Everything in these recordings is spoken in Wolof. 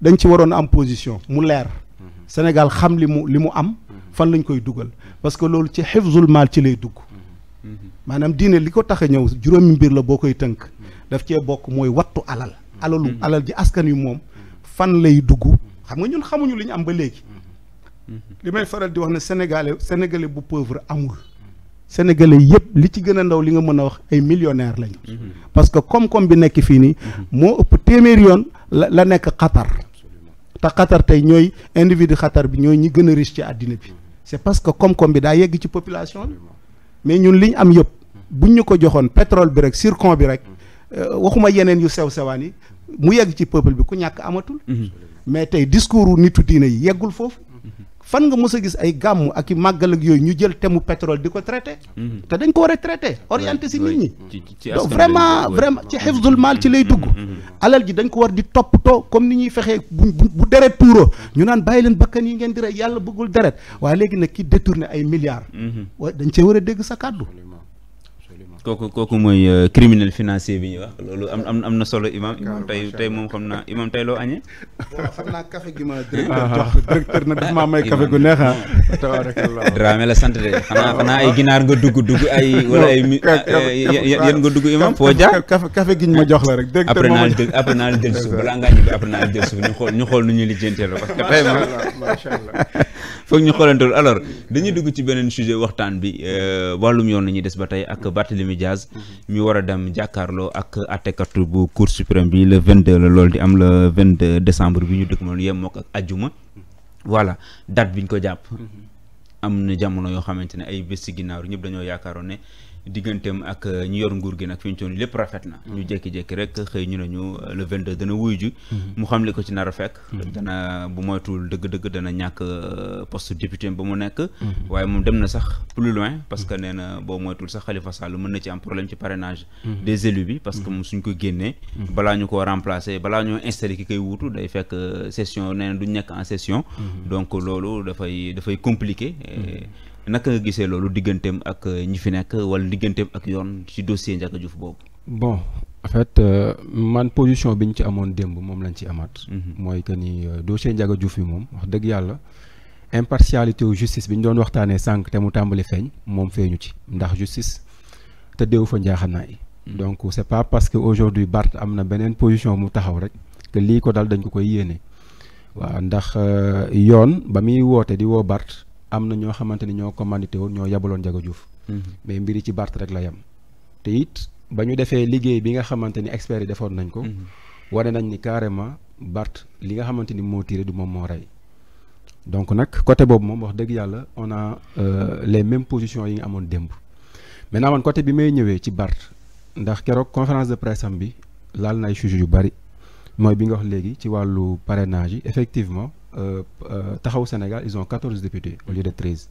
dañ ci waroon am position mu leer Sénégal xam li mu li mu am fan lañ koy dugal parce que loolu ci xifzul maal ci lay dugg maanaam diine li ko tax a ñëw juróomi mbir la boo koy tënk daf cee bokk mooy wattu alal alalu alal ji askan wi moom fan lay dugg xam nga ñun xamuñu li ñu am ba léegi li may faral di wax ne sénégalais sénégalais bu pauvre amul sénégalais yëpp li ci gën a ndaw li nga mën a wax ay millionnaire lañu parce que koom bi nekk fii nii moo ëpp téeméeri yoon la la nekk Qatar te xatar tey ñooy individu xatar bi ñooy ñi gën a riche ci àddina bi c'est parce que koom bi daa yegg ci population bi mais ñun liñ am yëpp buñ ñu ko joxoon pétrole bi rek zircon bi rek euh, waxuma yeneen yu sew sewaan yi mu yegg ci peuple bi ku ñàkk amatul mais tey discours nitu diina yi yeggul foofu fan nga mës a gis ay gàmm ak i màggal yooyu ñu jël thème pétrole di ko traité. Mhm. te dañ ko war a traité orienté si nit ñi. donc vraiment vraiment ci xifzul maal ci lay dugg. Mhm, mhm, alal ji dañ ko war di topp toppatoo comme ni ñuy fexee bu bu deret tuuro ñu naan bàyyi leen bakkan yi ngeen di rey yàlla bëggul deret waaye léegi nag ki détourné ay milliards. wa dañ cee war a dégg sa kàddu. kooku kooku mooy euh, criminel financier bi ñuy wax loolu am am am na solo imam imam tey moom xam naa imam tey loo añee waaw xam naa gi ma directeur ah, jox ah. directeur nag daf may café gu neex ah tabarakallah Dramé la sant de xanaa ay ginaar nga dugg dugg ay wala ay yéen nga dugg imam foo jaar café gi ñu ma jox la rek directeur après naa jël après naa jël suuf balaa ngaa ñibbi après naa jël suuf ñu xool ñu xool nu ñu lijjantee la parce que tey moom allah foog ñu xoolantool alors dañuy dugg ci beneen sujet waxtaan bi euh, wàllum yoon la ñuy des ba tey ak Barthélemy Diaz mi war a dem jàkkaarloo ak àttekat bu cour suprême bi le 22 la lool di am le 22 décembre bi ñu dëkk moom yem mook ak ajjuma voilà date biñ ko jàpp mm-hmm. am na jamono yoo xamante ne ay bés ci ginnaaw ñëpp dañoo yaakaaroon ne digganteem ak euh, ñi yor nguur gi nag fi ñu toon lépp rafet na mm-hmm. ñu jékki-jékki rek xëy ñu nañu euh, le 22 dana wuyu ji mm-hmm. mu xam li ko ci nar a fekk mm-hmm. dana bu moytuwul dëgg-dëgg dana ñàkk euh, poste député ba mu nekk waaye moom dem na sax plus loin parce que nee na boo moytuwul sax Khalifa Sall mën na ci am problème ci parrainage des élus bi parce que moom suñ ko génnee balaa ñu koo remplacer balaa ñoo installé ki koy wuutu day fekk session nee na duñ nekk en session donc loolu dafay dafay compliqué naka nga gisee loolu digganteem ak euh, ñi fi nekk wala digganteem ak yoon ci dossier Ndiaga Diouf boobu. bon en fait euh, man position bi ñu ci amoon démb moom lañ ci amaat. Mhm. mooy que ni euh, dossier Ndiaga Diouf bi moom wax dëgg yàlla. impartialité wu justice bi ñu doon waxtaanee sànq te mu tàmbali feeñ moom feeñu ci ndax justice te déw fa njaaxanaay mhm. donc c'est pas parce que aujourd'hui Bart am na beneen position mu taxaw rek que lii ko dal dañ ko koy yéene. waaw ndax euh, yoon ba muy woote di woo Bart am na ñoo xamante ni ñoo commandité woon ñoo yabaloon Ndiaga Diouf. Mhm. mbir yi ci Barth rek la yem. te it ba ñu defee liggéey bi nga xamante ni experts yi defoon nañ ko. Mhm. wane nañ ni carrément Barth li nga xamante ni moo tiré du moom moo rey. donc nag côté boobu moom wax dëgg yàlla on a euh, les mêmes positions yi nga amoon démb. maintenant man côté bi may ñëwee ci Barth ndax keroog conférence de presse bi laal na ay yu bari mooy bi nga wax léegi ci wàllu parrainage effectivement Euh, euh, taxaw Sénégal ils ont quatorze députés au lieu de treize.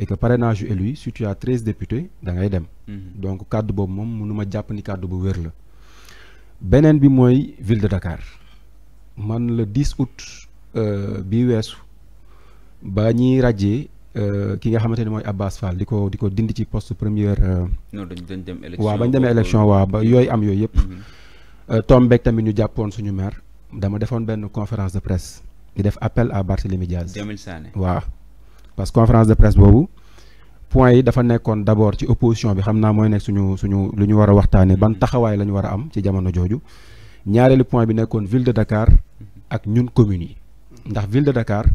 et que parrainage yu élu si treize députés da ngay dem. Mhm. donc kàddu boobu moom mënu ma jàpp ni kàddu bu wér la. beneen bi mooy ville de Dakar man le 10 août euh, bi weesu ba ñuy ràjjee ki nga xamante ne mooy Abbas Fall di ko di ko dindi ci poste première. non dañ dem élection waaw bañ demee élection waa ba yooyu am yooyu yëpp. Mhm. Tom Beck tamit ñu jàppoon suñu maire dama defoon benn conférence de presse. di def appel à Barthélémy Diaz. Jamil Sané waaw parce que conférence de presse boobu point yi dafa nekkoon d' abord ci opposition bi xam naa mooy nekk suñu suñu lu ñu war a waxtaanee ban taxawaay la ñu war a am ci jamono jooju ñaareelu point bi nekkoon ville de Dakar ak ñun communes yi ndax ville de Dakar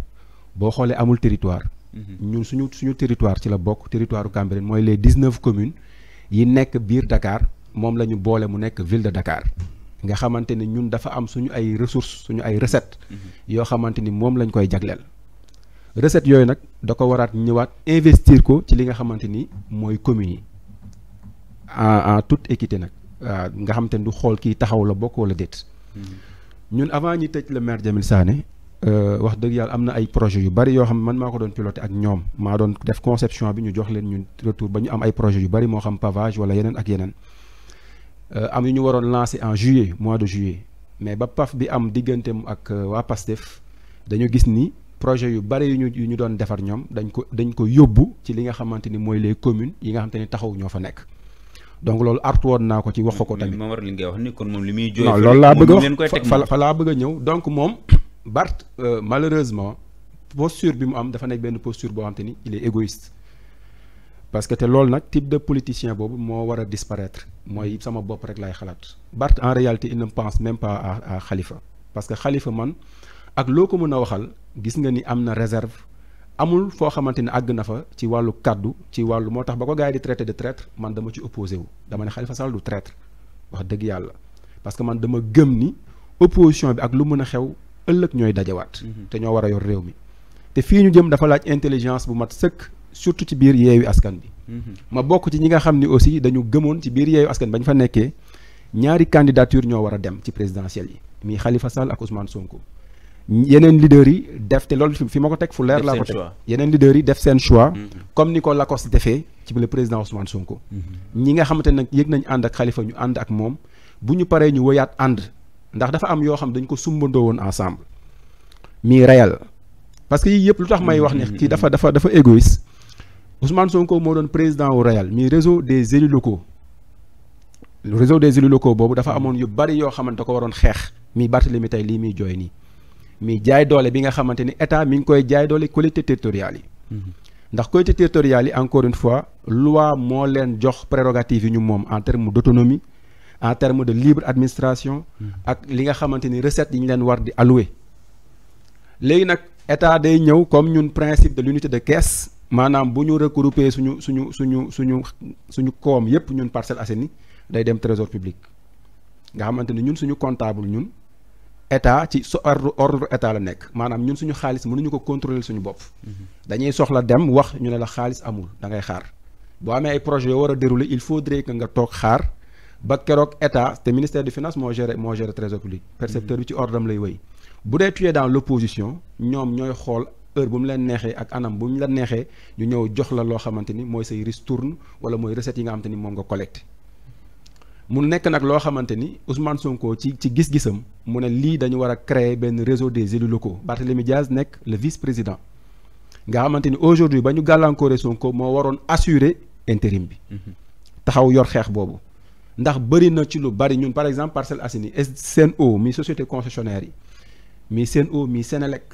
boo xoolee amul territoire. Mhm. ñun suñu suñu territoire ci la bokk territoire u mooy les dix neuf communes yi nekk biir Dakar moom la ñu boole mu nekk ville de Dakar. nga xamante ni ñun dafa am suñu ay ressources suñu ay recettes. Mm-hmm. yoo xamante ni moom lañ koy jagleel. recettes yooyu nag da ko waraat ñëwaat investir ko ci li nga xamante ni mooy communes yi en en toute équité nag nga xamante ni du xool kii taxaw la bokk wala déet. Mm-hmm. ñun avant ñi tëj le maire Jamil Sané euh, wax dëgg yàlla am na ay projets yu bari yoo xam man maa ko doon piloté ak ñoom maa doon def conception bi ñu jox leen ñun retour ba ñu am ay projets yu bari moo xam pavage wala yeneen ak yeneen. Euh, am yu ñu waroon lancer en juillet mois de juillet mais ba paf bi am digganteem ak euh, waa PASTEF dañu gis ni projet yu bëri yu ñu yu ñu doon defar ñoom dañ ko dañ ko yóbbu ci li nga xamante ni mooy les communes yi nga xamante ni taxaw ñoo fa nekk donc loolu artu woon naa ko ci wax ko ko tamit. li ngay wax ni kon moom li muy. non loolu laa bëgg a wax fa fa laa bëgg a ñëw donc moom Bart euh, malheureusement posture bi mu am dafa nekk benn posture boo xamante ni il est égoïste. parce que te loolu nag type de politicien boobu moo war a disparaître mooy sama bopp rek laay xalaat Barth en réalité il ne pense même pas à à Khalifa parce que Khalifa man ak loo ko mën a waxal gis nga ni am na réserve amul foo xamante ne àgg na fa ci wàllu kàddu ci wàllu moo tax ba ko gars di traité de traître man dama ci opposé wu dama ne Khalifa Sall du traître wax dëgg yàlla parce que man dama gëm ni opposition bi ak lu mën a xew ëllëg ñooy dajawaat. Mm-hmm. te ñoo war a yor réew mi te fii ñu jëm dafa laaj intelligence bu mat sëkk. surtout ci biir yeewi askan bi mhm. ma bokk ci ñi nga xam ni aussi dañu gëmoon ci biir yeewi askan bi fa nekkee ñaari candidature ñoo war a dem ci présidentielle yi muy Khalifa Sall ak Ousmane Sonko yeneen leaders yi def te loolu fi ma ko teg fu leer laa ko teg yeneen leaders yi def seen choix mhm. comme ni ko Lacoste defee ci le président Ousmane Sonko mhm. ñi nga xamante nag yëg nañ ànd ak Khalifa ñu ànd ak moom bu ñu paree ñu wëyaat ànd ndax dafa am yoo xam dañ ko sumbandoo woon ensemble mi rayal parce que yëpp lu tax may wax ni kii dafa dafa dafa égoïste Ousmane Sonko moo doon président wu Royal mi réseau des élus locaux des élus locaux boobu dafa amoon yu bari yoo xamante ko waroon xeex mi Barthélemy tey lii muy jooy nii mi jaay doole bi nga xamante ni état mi ngi koy jaay doole collectivités territoriales yi. Mhm. ndax collectivités territoriales yi encore une fois loi moo leen jox prérogative yi ñu moom en terme d' autonomie en terme de libre administration. Mhm. ak li nga xamante ni recettes yi ñu leen war di allouer. léegi nag état day ñëw comme ñun principe de l' de caisse maanaam bu ñu regrouper suñu suñu suñu suñu suñu koom yépp ñun Parcelles Assainies day dem trésor public nga xamante ni ñun suñu comptable ñun état ci so ordre état la nekk maanaam ñun suñu xaalis mënuñu ko contrôler suñu bopp dañuy soxla dem wax ñu ne la xaalis amul da ngay xaar boo amee ay projet yoo war a dérouler il faudrait que nga toog xaar ba keroog état te ministère des finances moo géré moo géré trésor public percepteur bi ci ordre am lay wéy bu dee tuyee ñoom ñooy xool heure bu mu leen neexee ak anam bu mu la neexee ñu ñëw jox la loo xamante ni mooy say tourne wala mooy recette yi nga xamante ni moom nga collecté mu nekk nag loo xamante ni Ousmane Sonko ci ci gis-gisam mu ne lii dañu war a créer benn réseau des élus locaux Barthélémy Diaz nekk le vice-président nga xamante ni aujourd'hui ba ñu gàllankoore Sonko moo waroon assurer intérim bi mhm. taxaw yor xeex boobu ndax bëri na ci lu bari ñun par exemple Parcelles Assainies SNO mi société concessionnaire yi mi SNO mi Senelec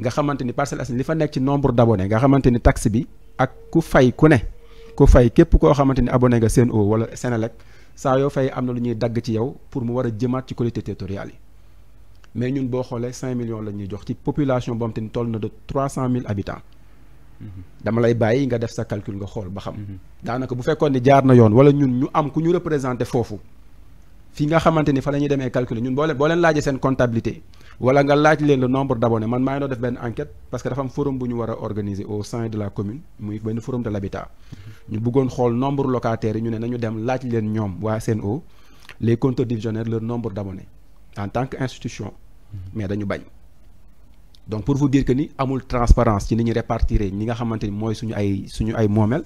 nga xamante ni Parcelles Assainies li fa nekk ci nombre d'abonnés nga xamante ni taxe bi ak ku fay ku ne ku fay képp koo xamante ni abonné nga Sen'Eau wala Senelec saa yoo fay am na lu ñuy dagg ci yow pour mu war a jëmaat ci collectivités territoriales yi mais ñun boo xoolee cinq millions la ñuy jox ci population boom xam te ni toll na de trois cent mille habitants mm-hmm. dama lay bàyyi nga def sa calcul nga xool ba xam mm-hmm. daanaka bu fekkoon ni jaar na yoon wala ñun ñu am ku ñu représenté foofu fi nga xamante ni fa la ñuy demee calculer ñun boo leen boo leen laajee seen comptabilité wala nga laaj leen le nombre d'abonnés man maa ngi doon def benn enquête parce que dafa forum bu ñu war a organiser au sein de la commune muy benn forum de l'habitat mm-hmm. ñu bëggoon xool nombre locataires yi ñu ne nañu dem laaj leen ñoom waa CNO les compteurs divisionnaires leur nombre d'abonnés en tant qu'institution mm-hmm. mais dañu bañ donc pour vous dire que ni amul transparence ci ni ñu répartir ñi nga xamante ni mooy suñu ay suñu ay moomeel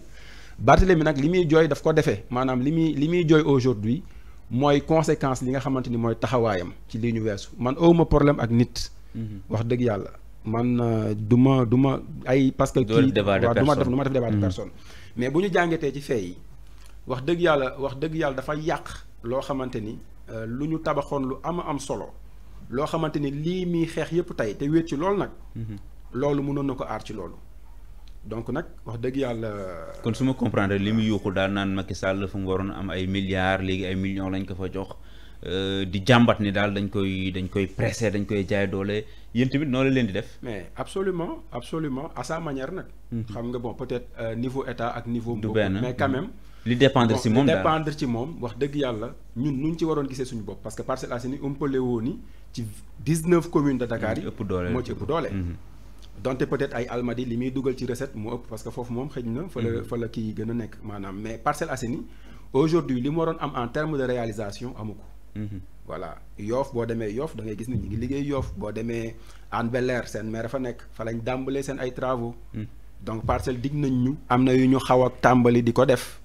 Barthélémy nag li muy jooy daf ko defee maanaam li muy li muy jooy aujourd'hui mooy conséquence li nga xamante ni mooy taxawaayam ci lii ñu weesu man awma problème ak nit. Mhm. wax dëgg yàlla man euh, du ma du ma ay parce que. kii waaw du ma def du ma def débat de mhm. personne. mais bu ñu jàngatee ci fee yi wax dëgg yàlla wax dëgg yàlla dafa yàq loo xamante ni euh, lu ñu tabaxoon lu am am solo loo xamante ni lii muy xeex yépp tey te wéet ci loolu nag. Mhm. loolu mënoon na ko aar ci loolu. donc nag wax dëgg yàlla. kon su ma comprendre li mu yuuxu daal naan Macky Sall fu mu waroon am ay milliards léegi ay millions lañ ko fa jox euh, di jàmbat ni daal dañ koy dañ koy pressé dañ koy jaay doole yéen tamit noonu la leen di def. mais absolument absolument à sa manière nag. Mhm. xam nga bon peut-être euh, niveau état ak niveau. du benn mais quand mhm. même. li dépendre ci moom daal dépendre ci moom wax dëgg yàlla ñun nu ñu ci waroon gisee suñu bopp parce que Parcelles Assainies umpale woon ni ci 19 communes de Dakar doole moo doole. Mhm. donte peut-être ay almadi li muy dugal ci recette mu ëpp parce que foofu moom xëj na. fa la mhm. fa la kii gën a nekk maanaam mais Parcelles Assainies aujourd'hui li mu waroon am en terme de réalisation amu ko. Mhm. voilà yoof boo demee yoof da ngay gis ni ñu ngi liggéey yoof boo demee Hann Bel-Air seen maire fa nekk fa lañ dàmbalee seen ay travaux. Mhm. donc parcelle digg nañ ñu. am na yu ñu xaw ak tàmbali di ko def.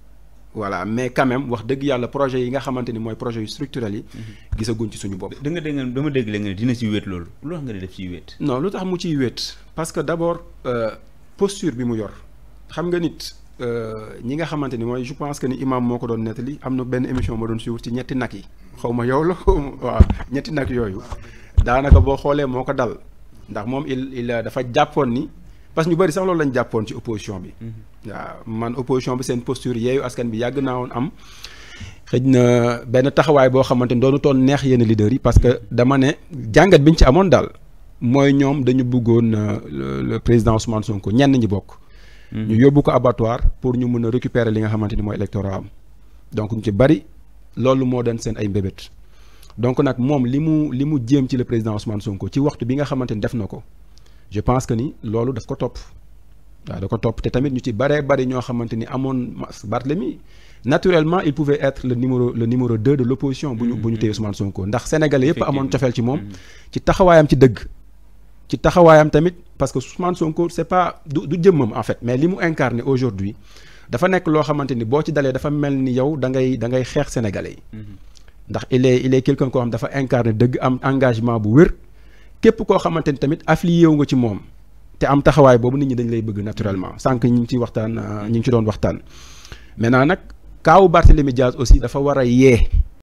voilà mais quand même wax dëgg yàlla projet yi nga xamante ni mooy projet yu structurel yi. Mhm. gisaguñ ci suñu bopp. danga nga dégg dama dégg nga dina ci wéet loolu lu tax nga di def ciy wéet. non lu tax mu ciy wéet parce que d' abord euh, posture bi mu yor xam nga nit euh, ñi nga xamante ni mooy je pense que ni imam moo ko doon nettali am na benn émission ma doon suivre ci ñetti nag yi xaw ma yow la waaw ñetti nag yooyu daanaka boo xoolee moo ko dal ndax moom il il euh, dafa jàppoon ni. parce ñu bëri sax loolu lañ jàppoon ci opposition bi. Mhm. waaw man opposition bi seen posture yeeyu askan bi yàgg naa woon am. xëj na benn taxawaay boo xamante ni doonu toon neex yenn leaders yi parce que dama ne jàngat bi ñu ci amoon daal mooy ñoom dañu bëggoon euh, président Ousmane Sonko ñenn ñi bokk. Mhm. ñu yóbbu ko abattoir pour ñu mën a récupérer li nga xamante ni mooy électorat am donc ñu ci bari loolu moo doon seen ay mbébét donc nag moom li mu li mu jéem ci le président Ousmane Sonko ci waxtu bi nga xamante ni def na ko. je pense que ni loolu daf ko topp waaw da ko topp te tamit ñu ci baree bari ñoo xamante ni amoon Barthélemy naturellement il pouvait être le numéro le numéro deux de l'opposition bu ñu bu ñu téye Ousmane Sonko ndax sénégalais yépp amoon cofeel ci moom mm-hmm. ci taxawaayam ci dëgg ci taxawaayam tamit parce que Ousmane Sonko c'est pas du du jëmmam en fait mais li mu incarné aujourd'hui dafa nekk loo xamante ni boo ci dalee dafa mel ni yow da ngay da ngay xeex sénégalais yi mm-hmm. ndax il est dafa incarné dëgg am engagement bu wér képp koo xamante ni tamit affilié wu nga ci moom te am taxawaay boobu nit ñi dañ lay bëgg naturellement sànq ñu ngi ci waxtaan euh, ñu ngi ci doon waxtaan maintenant nag kaawu Barthélémy Diaz aussi dafa war a yee